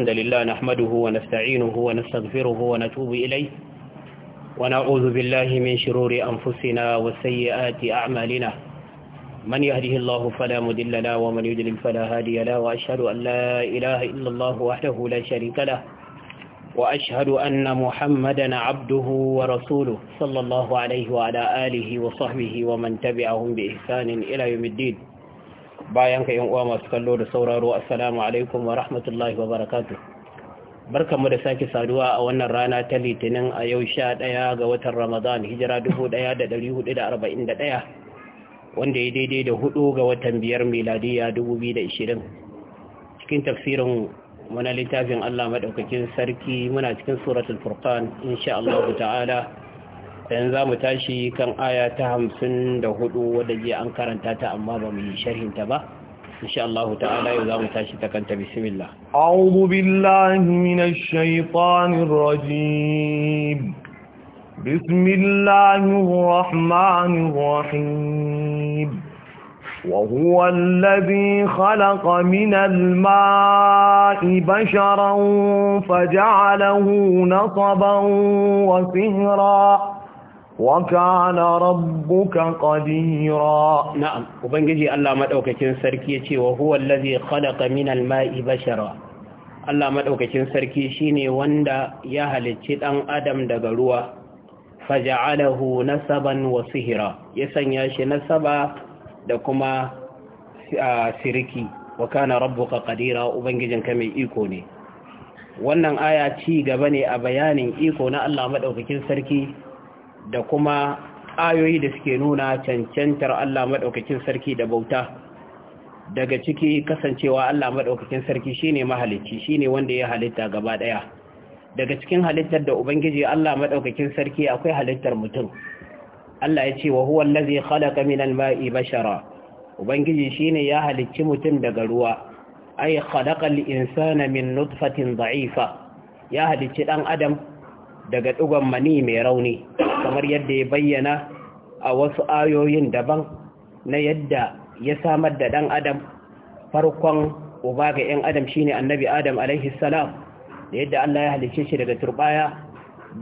الحمد لله نحمده ونستعينه ونستغفره ونتوب إليه ونعوذ بالله من شرور أنفسنا وسيئات أعمالنا من يهده الله فلا مدل له ومن يدلل فلا هادي له وأشهد أن لا إله إلا الله وحده لا شريك له وأشهد أن محمدا عبده ورسوله صلى الله عليه وعلى آله وصحبه ومن تبعهم بإحسان إلى يوم الدين bayan ka yan uwa masu kallo da sauraro assalamu alaikum wa rahmatullahi wa barakatuh mu da sake saduwa a wannan rana ta litinin a yau sha ɗaya ga watan ramadan hijira dubu ɗaya da ɗari hudu da arba'in da ɗaya wanda ya daidai da hudu ga watan biyar miladiya dubu biyu da ishirin cikin tafsirin na littafin allah maɗaukakin sarki muna cikin suratul furqan insha allahu ta'ala yanzu za mu tashi kan aya ta hamsin da hudu wadda je an karanta ta amma ba mu yi sharhinta ba insha Allah ta'ala yau za mu tashi ta kanta bismillah a'udhu billahi minash shaitanir rajim bismillahir rahmanir rahim وهو الذي خلق من الماء بشرا فجعله نصبا وسهرا وكان ربك قديرا نعم وبنجي الله مدوكاكين سركي يتي وهو الذي خلق من الماء بشرا Allah madaukakin sarki shine wanda ya halicci dan adam daga ruwa faja'alahu nasaban wa sihira ya sanya shi nasaba da kuma siriki wa kana rabbuka qadira ubangijinka mai iko ne wannan aya ci gaba ne a bayanin iko na Allah madaukakin sarki da kuma ayoyi da suke nuna cancantar Allah maɗaukakin sarki da bauta daga ciki kasancewa Allah maɗaukakin sarki shine mahalicci shine wanda ya halitta gaba ɗaya daga cikin halittar da ubangiji Allah maɗaukakin sarki akwai halittar mutum Allah ya ce wa huwa allazi khalaqa minal ma'i bashara ubangiji shine ya halicci mutum daga ruwa ay khalaqa al-insana min nutfatin za'ifa. ya halicci dan adam daga ɗigon mani mai rauni kamar yadda ya bayyana a wasu ayoyin daban na yadda ya samar da ɗan adam farkon uba ga 'yan adam shine annabi adam alaihi salam da yadda Allah ya halice shi daga turbaya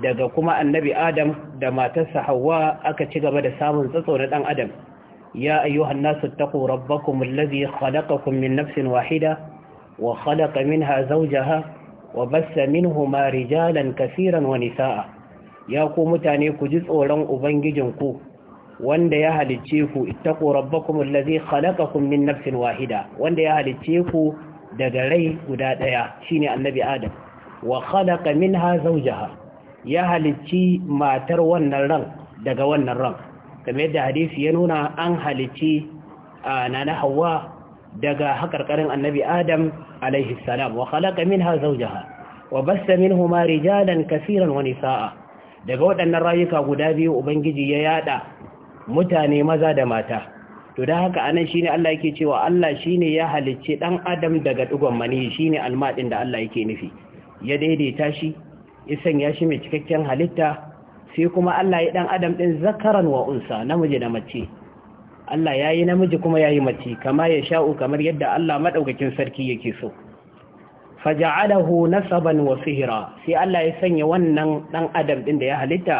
daga kuma annabi adam da matarsa hawa aka ci gaba da samun tsatso na ɗan adam ya ayyuhan nasu taqu rabbakum allazi min nafsin wahida wa khalaqa minha zawjaha وبث منهما رجالا كثيرا ونساء يا ku mutane ku ji tsoron ubangijinku wanda ya halicce ku ittaqu rabbakum allazi khalaqakum min nafsin wahida wanda ya halicce ku daga rai guda daya shine annabi adam wa khalaqa minha zawjaha ya halicci matar wannan ran daga wannan ran kamar yadda hadisi ya nuna an halicci ah, nana Hauwa? daga haƙarƙarin annabi adam alaihi salam wa khalaqa minha zawjaha wa bassa minhuma rijalan kaseeran wa nisaa daga waɗannan rayuka guda biyu ubangiji ya yada mutane maza da mata to dan haka anan shine Allah yake cewa Allah shine ya halicce dan adam daga dugon mani shine almadin da Allah yake nufi ya daidaita shi ya sanya shi mai cikakken halitta sai kuma Allah ya dan adam din zakaran wa unsa namiji da mace Allah ya yi namiji kuma ya yi mace kama ya sha'u kamar yadda Allah maɗaukakin sarki yake so na nasaban wasu hira, sai Allah ya sanya wannan ɗan adam ɗin da ya halitta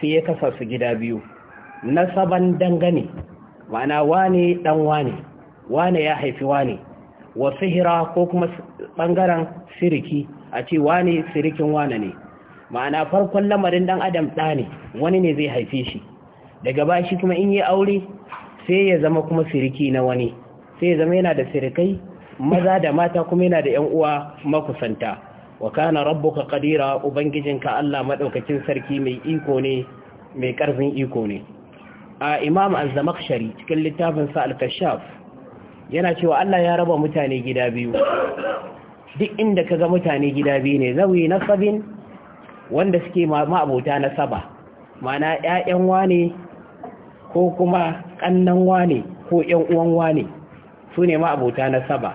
sai ya kasa su gida biyu nasaban dangane ma'ana wane ɗan wane wane ya haifi wane Wasu hira ko kuma ɓangaren siriki a ce wane sirikin wane ne ma'ana farkon lamarin ɗan adam ɗa wani ne zai haife shi daga bashi kuma in yi aure sai ya zama kuma siriki na wani sai ya zama yana da sirikai maza da mata kuma yana da yan uwa makusanta wa kana rabbuka qadira ubangijinka Allah madaukakin sarki mai iko ne mai karfin iko ne a imam az-zamakhshari cikin littafin sa al-kashaf yana cewa Allah ya raba mutane gida biyu duk inda kaga mutane gida biyu ne zawi nasabin wanda suke ma abota na saba mana ƴaƴan wane ko kuma ƙannan wane ko ‘yan uwan wane su ne ma'abuta na saba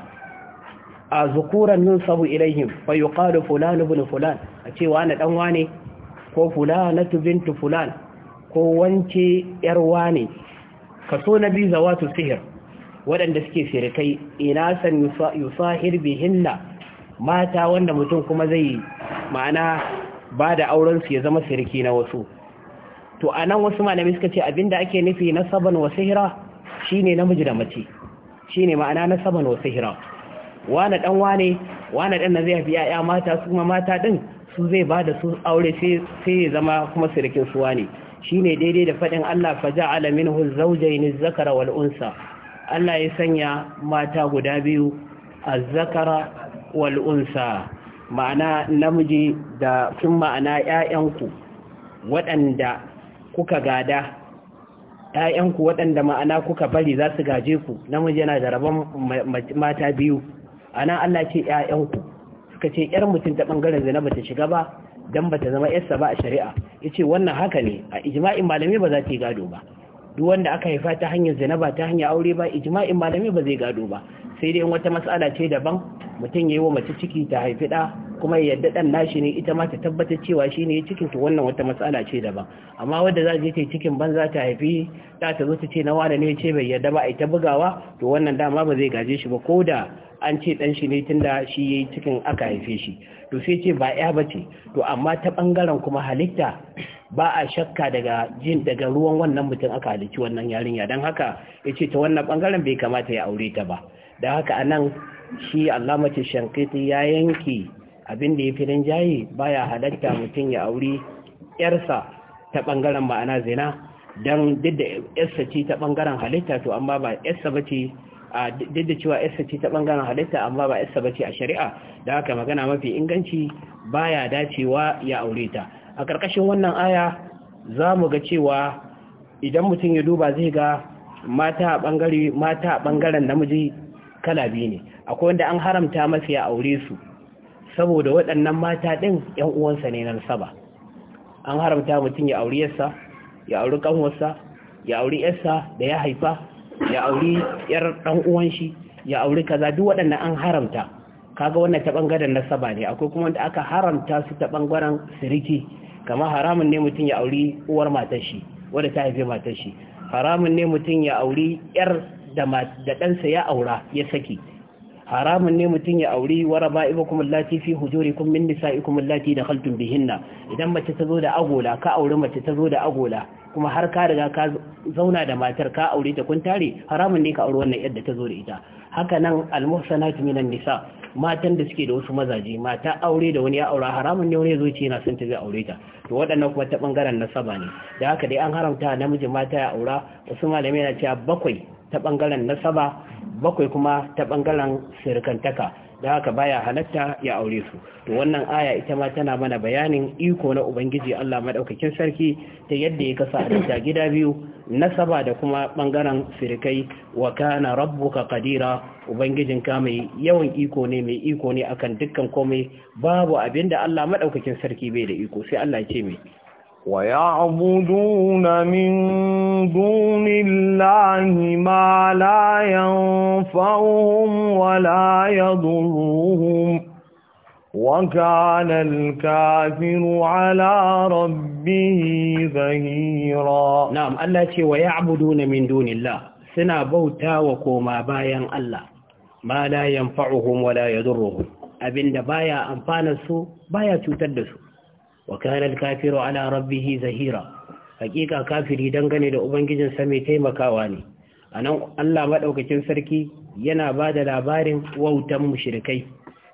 a zukuran nun sabu ilaihim bai yi ƙaru fulani bin fulan a cewa na ɗan wane ko fulanatu bintu fulan ko wance ‘yar wane Ka so na biyu zawatu sihir waɗanda suke sirikai san yusahir bihinna mata wanda mutum kuma zai ma'ana ba da aurensu ya zama siriki na wasu to a nan wasu malamai suka ce abin da ake nufi na saban wa sihira shine namiji da mace shine ma'ana na saban wa sihira wane ɗan wane wane ɗan na zai haifi yaya mata su kuma mata ɗin, su zai ba da su aure sai zama kuma sirikin su wane Shi ne daidai da faɗin Allah alamin minhu zaujai ni zakara wal unsa Allah ya sanya mata guda biyu a zakara wal unsa ma'ana namiji da sun ma'ana ƴaƴanku waɗanda kuka gada ‘ya'yanku waɗanda ma'ana kuka bari za su gaje ku namiji yana da rabon mata biyu ana Allah ce ‘ya'yanku suka ce ‘yar mutum ta ɓangaren zina ba ta shiga ba don ba ta zama ‘yarsa ba a shari'a ya ce wannan haka ne a ijima'in malami ba za ta yi gado ba duk wanda aka haifa ta hanyar zina ba ta hanyar aure ba ijima'in malami ba zai gado ba sai dai wata matsala ce daban mutum ya yi wa mace ciki ta haifi ɗa kuma ya yadda dan nashi ne ita ma ta tabbatar cewa shi ne cikin to wannan wata matsala ce daban amma wanda za je ta cikin banza ta haifi ta ta zo ta ce na wane ne ce bai yarda ba a ta bugawa to wannan dama ba zai gaje shi ba ko da an ce dan shi ne tunda shi yayi cikin aka haife shi to sai ce ba ya bace to amma ta bangaren kuma halitta ba a shakka daga jin daga ruwan wannan mutum aka halici wannan yarinya dan haka ya ce ta wannan bangaren bai kamata ya aure ta ba dan haka anan shi mace shankiti ya yanki abin da ya fi jayi ba ya halatta mutum ya auri yarsa ta ɓangaren ma'ana zina don duk da yarsa ce ta ɓangaren halitta to amma ba yarsa ba ce duk da cewa yarsa ce ta ɓangaren halitta an ba yarsa ba ce a shari'a da haka magana mafi inganci Ba baya dacewa ya aure ta a ƙarƙashin wannan aya za mu ga cewa idan mutum ya duba zai ga mata a mata a namiji kala biyu ne akwai wanda an haramta masa ya aure su saboda waɗannan mata ɗin ‘yan uwansa ne nan saba an haramta mutum ya auri yarsa ya auri ƙanwarsa ya auri yarsa da ya haifa ya auri ‘yar ɗan uwan shi ya auri kaza duk waɗannan an haramta kaga wannan ta ɓangaren na saba ne akwai kuma wanda aka haramta su ta ɓangaren siriki kama haramun ne mutum ya auri uwar matar shi wadda ta haife matar shi haramun ne mutum ya auri ‘yar da ɗansa ya aura ya saki haramun ne mutum ya auri wara ba iba kuma lati fi hujuri kun min ikumin kuma lati da haltun bihinna idan mace ta zo da agola ka auri mace ta zo da agola kuma har ka riga ka zauna da matar ka aure ta kun tare haramun ne ka auri wannan yadda ta zo da ita haka nan almuhsanatu minan nisa matan da suke da wasu mazaje mata aure da wani ya aura haramun ne wani ya zo ce yana son ta zai aure ta to waɗannan kuma ta bangaren nasaba ne da haka dai an haramta namiji mata ya aura wasu malamai na cewa bakwai ta ɓangaren nasaba bakwai kuma ta bangaren sirkantaka da haka baya halatta ya aure su to wannan aya ita ma tana mana bayanin iko na ubangiji Allah madaukakin sarki ta yadda ya kasa halitta gida biyu nasaba da kuma ɓangaren sirkai wa kana rabbuka qadira ubangijinka mai yawan iko ne mai iko ne akan dukkan komai babu abin da Allah madaukakin sarki bai da iko sai Allah ya ce mai ويعبدون من دون الله ما لا ينفعهم ولا يضرهم وكان الكافر على ربه ظهيرا نعم الله يقول ويعبدون من دون الله سنا بوتا وكوما بايان الله ما لا ينفعهم ولا يضرهم abinda baya amfanar su baya cutar da su wa kana ana kafiru ala rabbih zahira hakika kafiri dangane da ubangijin sa mai taimakawa ne A nan, Allah madaukakin sarki yana ba da labarin wautan mushrikai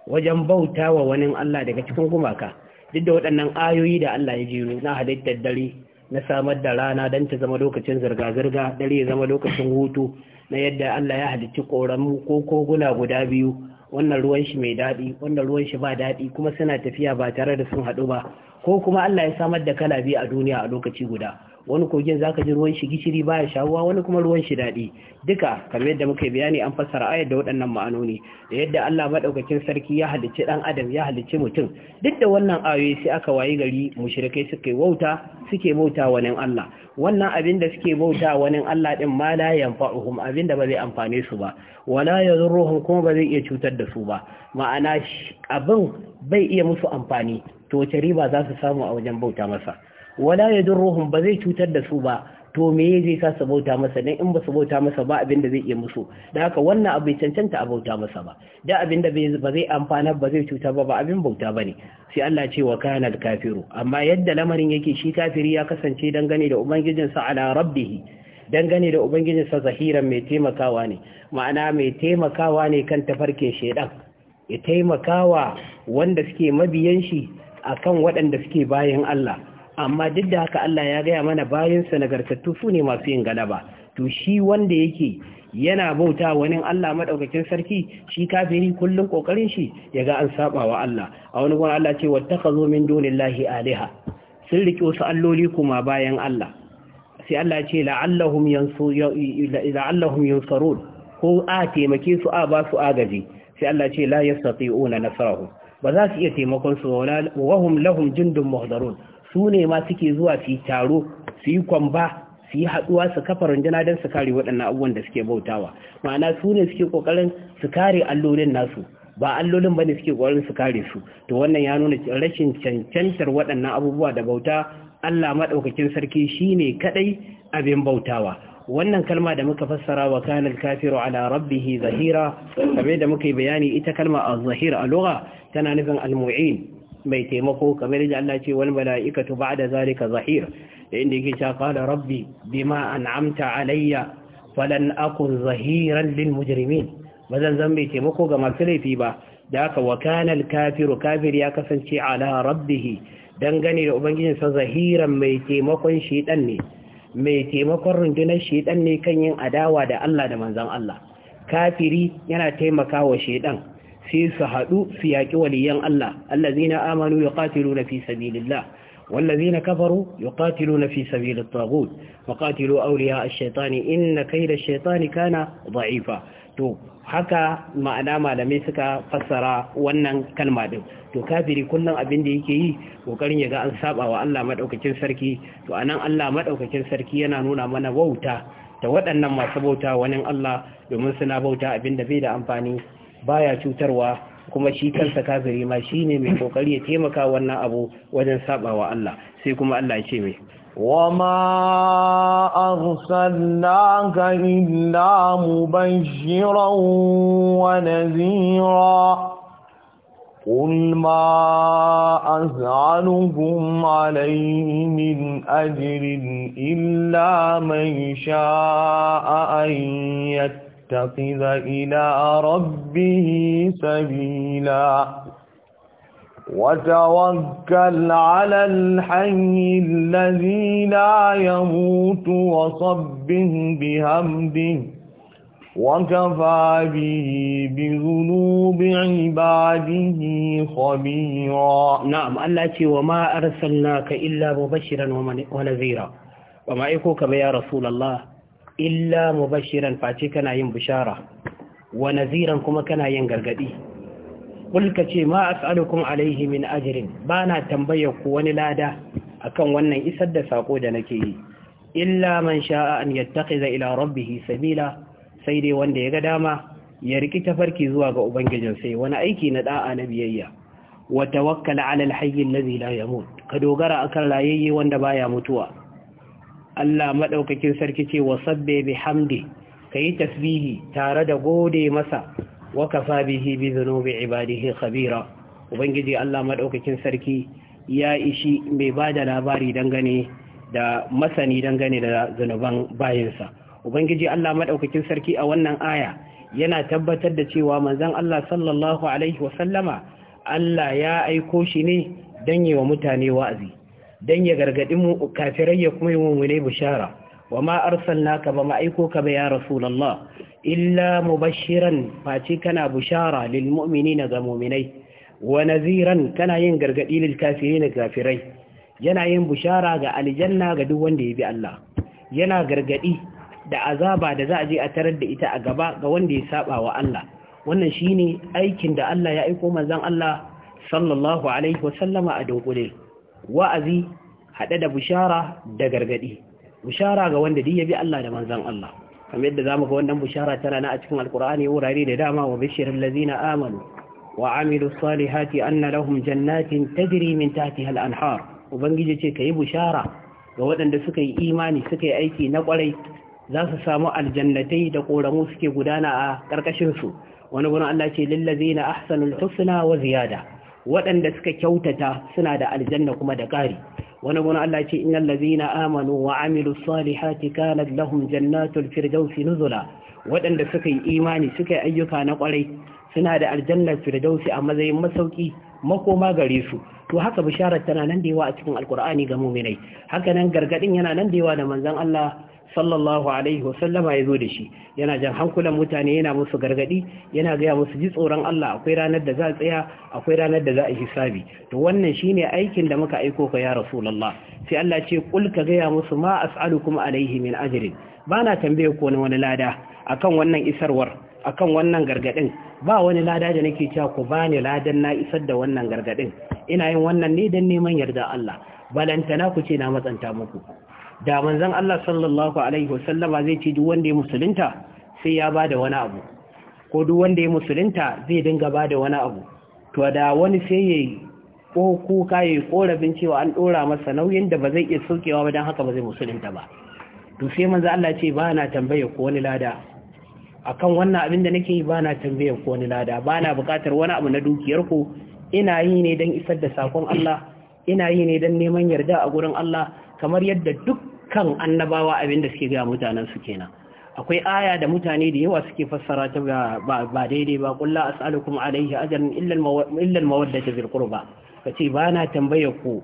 wajen bauta wa wani Allah daga cikin gumaka duk da waɗannan ayoyi da Allah ya jiro na halittar dare na samar da rana don ta zama lokacin zirga-zirga dare ya zama lokacin hutu na yadda Allah ya halicci ƙoramu ko koguna guda biyu wannan ruwan shi mai daɗi wannan ruwan shi ba daɗi kuma suna tafiya ba tare da sun haɗu ba ko kuma Allah ya samar da kala biyu a duniya a lokaci guda wani kogin zaka ji ruwan shi gishiri baya shawuwa wani kuma ruwan shi daɗi. duka kamar yadda muka bayani an fassara ayar da waɗannan ma'anoni da yadda Allah madaukakin sarki ya halicci dan adam ya halicci mutum duk da wannan ayoyi sai aka wayi gari mushrikai suka wauta suke bauta wani Allah wannan abin da suke bauta wani Allah din ma la yanfa'uhum abin da ba zai amfane su ba wala yadurruhum kuma ba zai iya cutar da su ba ma'ana abin bai iya musu amfani to wace riba za su samu a wajen bauta masa wala ruhun ba zai cutar da su ba to me zai sa su bauta masa dan in ba su bauta masa ba abin da zai iya musu da haka wannan abu bai cancanta a bauta masa ba da abin da ba zai amfana ba zai cuta ba ba abin bauta ba ne. sai Allah ce wa kana kafiru amma yadda lamarin yake shi kafiri ya kasance dangane da sa ala rabbih dangane da ubangijin ubangijinsa zahiran mai taimakawa ne ma'ana mai taimakawa ne kan tafarkin shedan ya taimakawa wanda suke mabiyan shi akan waɗanda suke bayan Allah amma duk da haka Allah ya gaya mana bayansa nagartattu su ne masu yin galaba to shi wanda yake yana bauta wani Allah madaukakin sarki shi kafiri kullun kokarin shi yaga an saba wa Allah a wani gurin Allah ce wattakhazu min dunillahi aliha? sun rike wasu alloli kuma bayan Allah sai Allah ce la'allahum yansu la'allahum yansarun ko a taimake su a ba su agaji sai Allah ce la yastati'una nasrahu ba za su iya taimakon su wa hum lahum jundun muhdarun su ne ma suke zuwa su yi taro su yi kwamba su yi haɗuwa su kafa rundunar don su kare waɗannan abubuwan da suke bautawa ma'ana su ne suke ƙoƙarin su kare allolin nasu ba allolin ne suke ƙoƙarin su kare su to wannan ya nuna rashin cancantar waɗannan abubuwa da bauta Allah maɗaukakin sarki shine kaɗai abin bautawa wannan kalma da muka fassara wa kanal kafiru ala rabbihi zahira kamar da muka yi bayani ita kalma a zahir a tana nufin al-mu'in mai taimako kamar yadda Allah ce wal mala'ikatu ba'da zalika zahir da inda yake cewa qala rabbi bima an'amta alayya falan akun zahiran lil mujrimin bazan zan mai taimako ga masu laifi ba da haka wa kana al kafiru kafir ya kasance ala rabbihi dangane da ubangijin sa zahiran mai taimakon shedan ne mai taimakon rundunar shedan ne kan yin adawa da Allah da manzon Allah kafiri yana taimakawa shedan sai su haɗu su yaƙi waliyan Allah allazina amanu na fi sabilillah fi كفروا يقاتلون في سبيل الطاغوت a shaitani الشيطان kai da الشيطان kana za'ifa to haka ma'ana malamai suka fassara wannan kalma ɗin to kafiri kullum abin da yake yi ƙoƙarin ya ga an saba wa Allah maɗaukakin sarki to anan Allah maɗaukacin sarki yana nuna mana bauta da waɗannan masu bauta wani Allah domin suna bauta abin da bai da amfani baya cutarwa kuma shi kansa kafiri ma ne mai kokari ya taimaka wannan abu wajen saɓawa Allah sai kuma Allah ya ce mai وما أرسلناك إلا مبشرا ونذيرا قل ما أسألكم عليه من أجر إلا من شاء أن يتخذ إلى ربه سبيلا وتوكل على الحي الذي لا يموت وصبه بهمده وكفى به بذنوب عباده خبيرا نعم الله وما أرسلناك إلا مبشرا ونذيرا وما إكوك يا رسول الله illa mubashiran face kana yin bishara wa naziran kuma kana yin gargadi kulka ce ma as'alukum alaihi min ajrin bana tambayar ku wani lada akan wannan isar da sako da nake yi illa man sha'a an yattakhidha ila rabbih sabila sai dai wanda ya ga dama ya riki tafarki zuwa ga ubangijin sai wani aiki na da'a na biyayya wa tawakkal ala alhayy alladhi la yamut ka dogara akan rayayye wanda baya mutuwa Allah maɗaukakin sarki ce wa sabbe bi hamdi ka yi tasbihi tare da gode masa wa kafa bihi bi zunubi ibadihi khabira ubangiji Allah maɗaukakin sarki ya ishi mai ba da labari dangane da masani dangane da zunuban bayansa ubangiji Allah maɗaukakin sarki a wannan aya yana tabbatar da cewa manzan Allah sallallahu alaihi wasallama Allah ya aiko shi ne don yi wa mutane wa'azi dan ya gargaɗi mu kafirai ya kuma yi muminai bishara wa ma ka ba ma aiko ka ba ya rasulullah illa mubashiran face kana bishara lil mu'minina ga mu'minai wa naziran kana yin gargaɗi lil kafirin kafirai yana yin bishara ga aljanna ga duk wanda ya bi Allah yana gargadi da azaba da za a je a tarar da ita a gaba ga wanda ya saba wa Allah wannan shine aikin da Allah ya aiko manzon Allah sallallahu alaihi wasallama a dunkule wa'azi haɗe da bushara da gargaɗi bushara ga wanda duk bi Allah da manzan Allah kamar yadda zamu ga wannan bushara tana na a cikin alkur'ani wurare da dama wa bishiyar lazina amanu wa amilu salihati anna lahum jannatin tajri min tahtiha al-anhar ubangiji ce kai bushara ga waɗanda suka yi imani suka yi aiki na kwarai za su samu aljannatai da koramu suke gudana a karkashin su wani gurin Allah ce lil ahsanul husna wa ziyada waɗanda suka kyautata suna da aljanna kuma da ƙari wani gona Allah ce innal na amanu wa amilus salihati kanat lahum jannatul firdausi nuzula waɗanda suka yi imani suka yi ayyuka na ƙwarai suna da aljannar firdausi a matsayin masauki makoma gare su to haka bisharar tana nan da yawa a cikin alkur'ani ga muminai haka nan gargaɗin yana nan da yawa da manzan Allah sallallahu alaihi wasallama ya zo da shi yana jan hankulan mutane yana musu gargadi yana gaya musu ji tsoron Allah akwai ranar da za a tsaya akwai ranar da za a hisabi to wannan shine aikin da muka aiko ka ya rasulullah sai Allah ce kul ka gaya musu ma as'alukum alaihi min ajrin bana tambaye ko wani lada akan wannan isarwar akan wannan gargadin ba wani lada da nake cewa ku bani ladan na isar da wannan gargadin ina yin wannan ne dan neman yarda Allah balantana ku ce na matsanta muku da manzon Allah sallallahu alaihi wasallama zai ce duk wanda ya musulunta sai ya bada wani abu ko duk wanda ya musulunta zai dinga bada wani abu to da wani sai yayi ko kuka yayi korafin cewa an dora masa nauyin da ba zai iya saukewa ba dan haka ba zai musulunta ba to sai manzo Allah ce ba na tambaye ko wani lada akan wannan abin da nake yi ba na tambaye ko wani lada ba na bukatar wani abu na dukiyar ku ina yi ne dan isar da sakon Allah ina yi ne dan neman yarda a gurin Allah kamar yadda duk kan annabawa abin da suke gaya mutanen su kenan akwai aya da mutane da yawa suke fassara ta ba daidai ba kulla as'alukum alayhi, ajran illa al mawaddati fil qurba kace ba na tambaye ku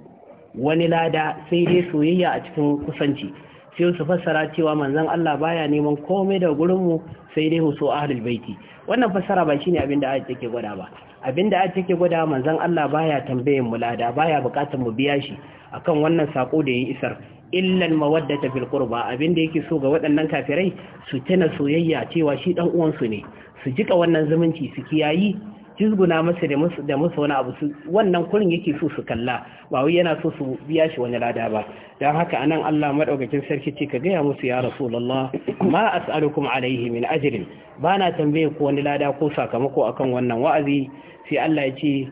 wani lada sai dai soyayya a cikin kusanci sai su fassara cewa manzon Allah baya neman komai da gurin mu sai dai husu ahlul baiti wannan fassara ba shine abin da ayat take gwada ba abin da ayat take gwada manzon Allah baya tambayen mu lada baya bukatar mu biya shi akan wannan sako da yin isar illal mawaddata fil qurba abinda yake so ga waɗannan kafirai su tana soyayya cewa shi dan uwansu ne su jika wannan zumunci su kiyayi jizguna masa da musu wani abu wannan kurin yake so su kalla ba wai yana so su biya shi wani lada ba dan haka anan Allah madaukakin sarki ce ka gaya musu ya rasulullah ma as'alukum alaihi min ajrin bana tambaye ku wani lada ko sakamako akan wannan wa'azi sai Allah ya ce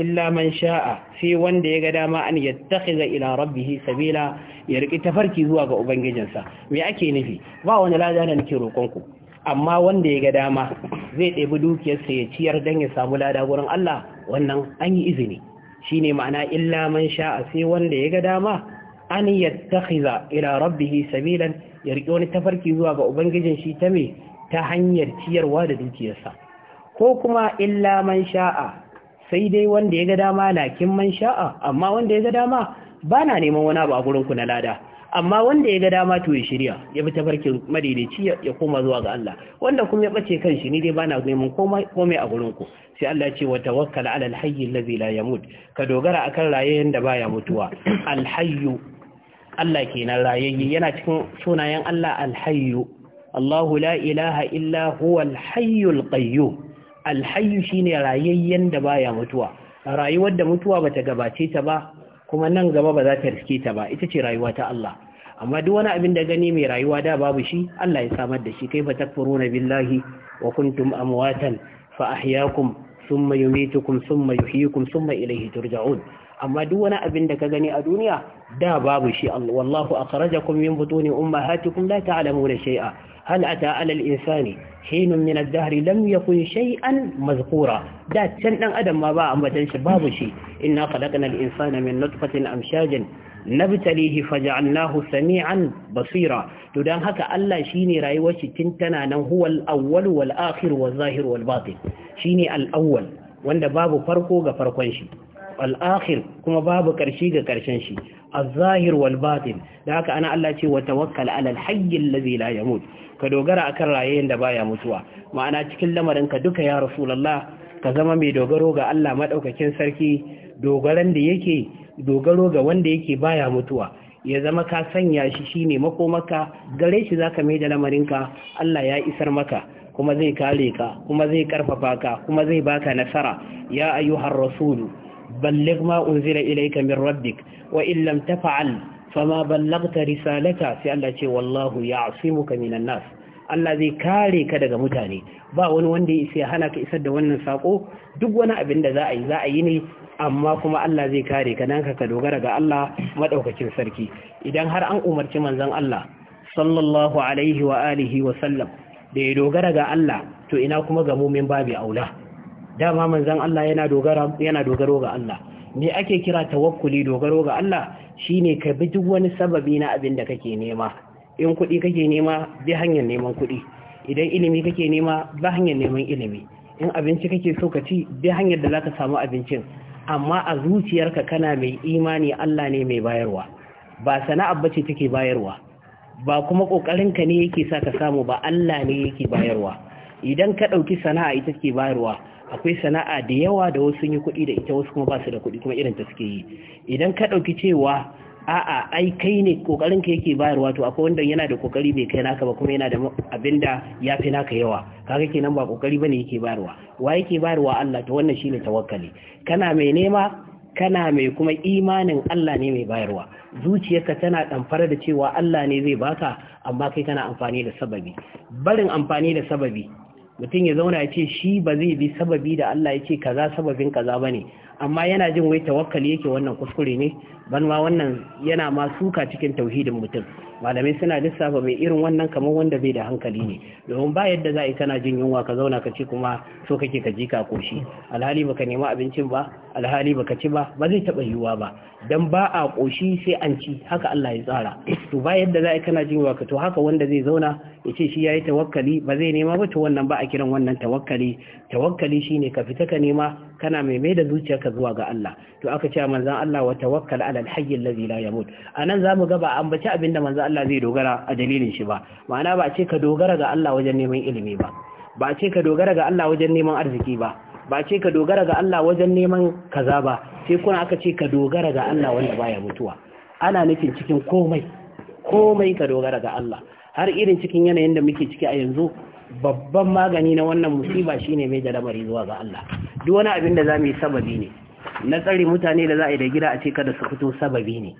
illa man sha'a sai wanda ya ga dama an yattakhiza ila rabbih sabila ya riki tafarki zuwa ga ubangijinsa me ake nufi ba wani lada da nake roƙon ku amma wanda ya ga dama zai ɗebi dukiyarsa ya ciyar don ya samu lada wurin Allah wannan an yi izini shi ne ma'ana illa man sha'a sai wanda ya ga dama an yattakhiza ila rabbihi sabilan ya riƙe wani tafarki zuwa ga ubangijin shi ta mai ta hanyar ciyarwa da dukiyarsa ko kuma illa man sha'a sai dai wanda ya ga dama lakin man sha'a amma wanda ya ga dama ba na neman wani abu a gurinku na lada amma wanda ya ga dama to ya shirya ya bi tafarkin madaidaici ya koma zuwa ga Allah wanda kuma ya bace kanshi ni dai bana neman komai komai a gurin ku sai Allah ce wa tawakkal ala alhayy alladhi la yamut ka dogara akan rayayyen da baya mutuwa alhayy Allah kenan rayayye yana cikin sunayen Allah alhayy Allah la ilaha illa huwa alhayy alqayyum alhayy shine rayayyen da baya mutuwa rayuwar da mutuwa bata gabace ta ba kuma nan gaba ba za ta riske ta ba ita ce rayuwa ta Allah amma duk wani abin da gani mai rayuwa da babu shi Allah ya samar da shi kaifa takfuruna billahi wa kuntum amwatan fa ahyaakum thumma yumitukum thumma yuhyikum thumma ilayhi turja'un amma duk wani abin da ka gani a duniya da babu shi wallahu akhrajakum min butuni ummahatikum la ta'lamuna shay'a hal ata 'ala al-insani hinun min ad-dahri lam yakun shay'an mazkura da can dan adam ma ba ambatan shi babu shi inna khalaqna al-insana min nutfatin amshajin nabtalihi faja'alnahu sami'an basira to dan haka Allah shine rayuwar shi tun tana nan huwal awwal wal akhir wal zahir wal batin shine al awwal wanda babu farko ga farkon shi al akhir kuma babu karshe ga karshen shi al zahir wal batin dan haka ana Allah ce wa tawakkal ala al hayy alladhi la yamut ka dogara akan rayayen da baya mutuwa ma'ana cikin lamarin ka duka ya rasulullah ka zama mai dogaro ga Allah madaukakin sarki dogaran da yake dogaro ga wanda yake baya mutuwa ya zama ka sanya shi shine makomaka gare shi zaka mai da lamarinka Allah ya isar maka kuma zai kare ka kuma zai karfafa ka kuma zai baka nasara ya ayyuhar rasulu balligh ma unzila ilayka min rabbik wa in lam taf'al fama ballagta risalata sai Allah ce wallahu ya'simuka minan nas Allah zai kare ka daga mutane ba wani wanda ya isa hana ka isar da wannan sako duk wani abin da za a yi za a yi ne amma kuma Allah zai kare ka dan ka dogara ga Allah madaukakin sarki idan har an umarci manzon Allah sallallahu alaihi wa alihi wa sallam da ya dogara ga Allah to ina kuma ga mumin babu aula dama manzon Allah yana dogara yana dogaro ga Allah me ake kira tawakkuli dogaro ga Allah shine ka bi duk wani sababi na abin da kake nema in kuɗi kake nema bi hanyar neman kuɗi idan ilimi kake nema ba hanyar neman ilimi in abinci kake so ka ci bi hanyar da zaka samu abincin amma a zuciyarka kana mai imani Allah ne mai bayarwa ba sana'a bace take bayarwa ba kuma kokarinka ne yake sa ka samu ba Allah ne yake bayarwa idan ka dauki sana'a ita take bayarwa akwai sana'a da yawa da wasu yi kuɗi da ita wasu kuma ba su da kuɗi kuma irin ta suke yi idan ka dauki cewa a'a ai kai ne kokarin ka yake bayarwa to akwai wanda yana da kokari bai kai naka ba kuma yana da abinda ya fi naka yawa kaga kenan ba kokari bane yake bayarwa wa yake bayarwa Allah to wannan shine tawakkali kana mai nema kana mai kuma imanin Allah ne mai bayarwa zuciyarka tana damfara da cewa Allah ne zai baka amma kai kana amfani da sababi barin amfani da sababi mutum ya zauna ya ce shi ba zai bi sababi da Allah ya ce kaza sababin kaza bane amma yana jin wai tawakkali yake wannan kuskure ne ban ma wannan yana ma suka cikin tauhidin mutum malamai suna lissafa mai irin wannan kamar wanda bai da hankali ne domin ba yadda za a yi kana jin yunwa ka zauna ka ci kuma so kake ka ji ka koshi alhali baka nema abincin ba alhali baka ci ba ba zai taba yiwuwa ba dan ba a koshi sai an ci haka Allah ya tsara to ba yadda za a yi kana jin yunwa ka to haka wanda zai zauna ya ce shi yayi tawakkali ba zai nema ba to wannan ba a kiran wannan tawakkali tawakkali shine ka fita ka nema kana mai mai da zuciyarka zuwa ga Allah to aka ce manzon Allah wa tawakkal ala al-hayy alladhi la yamut anan zamu ga ba an ambaci abinda manzon Allah zai dogara a dalilin shi ba ma'ana ba ce ka dogara ga Allah wajen neman ilimi ba ba ce ka dogara ga Allah wajen neman arziki ba ba ce ka dogara ga Allah wajen neman kaza ba sai kuna aka ce ka dogara ga Allah wanda baya mutuwa ana nufin cikin komai komai ka dogara ga Allah har irin cikin yanayin da muke ciki a yanzu babban magani na wannan musiba shine mai da zuwa ga Allah duk wani abin da za mu yi sababi ne na tsare mutane da za a yi da gida a ce kada su fito sababi ne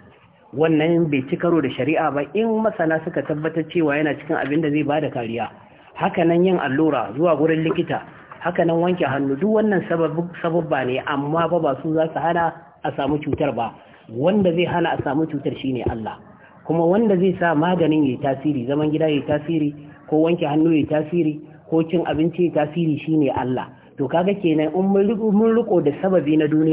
wannan bai ci karo da shari'a ba in masana suka tabbatar cewa yana cikin abin da zai ba da kariya hakanan yin allura zuwa gurin likita hakanan wanke hannu duk wannan sababba ne amma ba ba su za su hana a samu cutar ba wanda zai hana a samu cutar shine Allah kuma wanda zai sa maganin yayi tasiri zaman gida yayi tasiri ko wanke hannu yayi tasiri ko cin abinci yayi tasiri shine Allah to kaga kenan in mun riko da sababi na duniya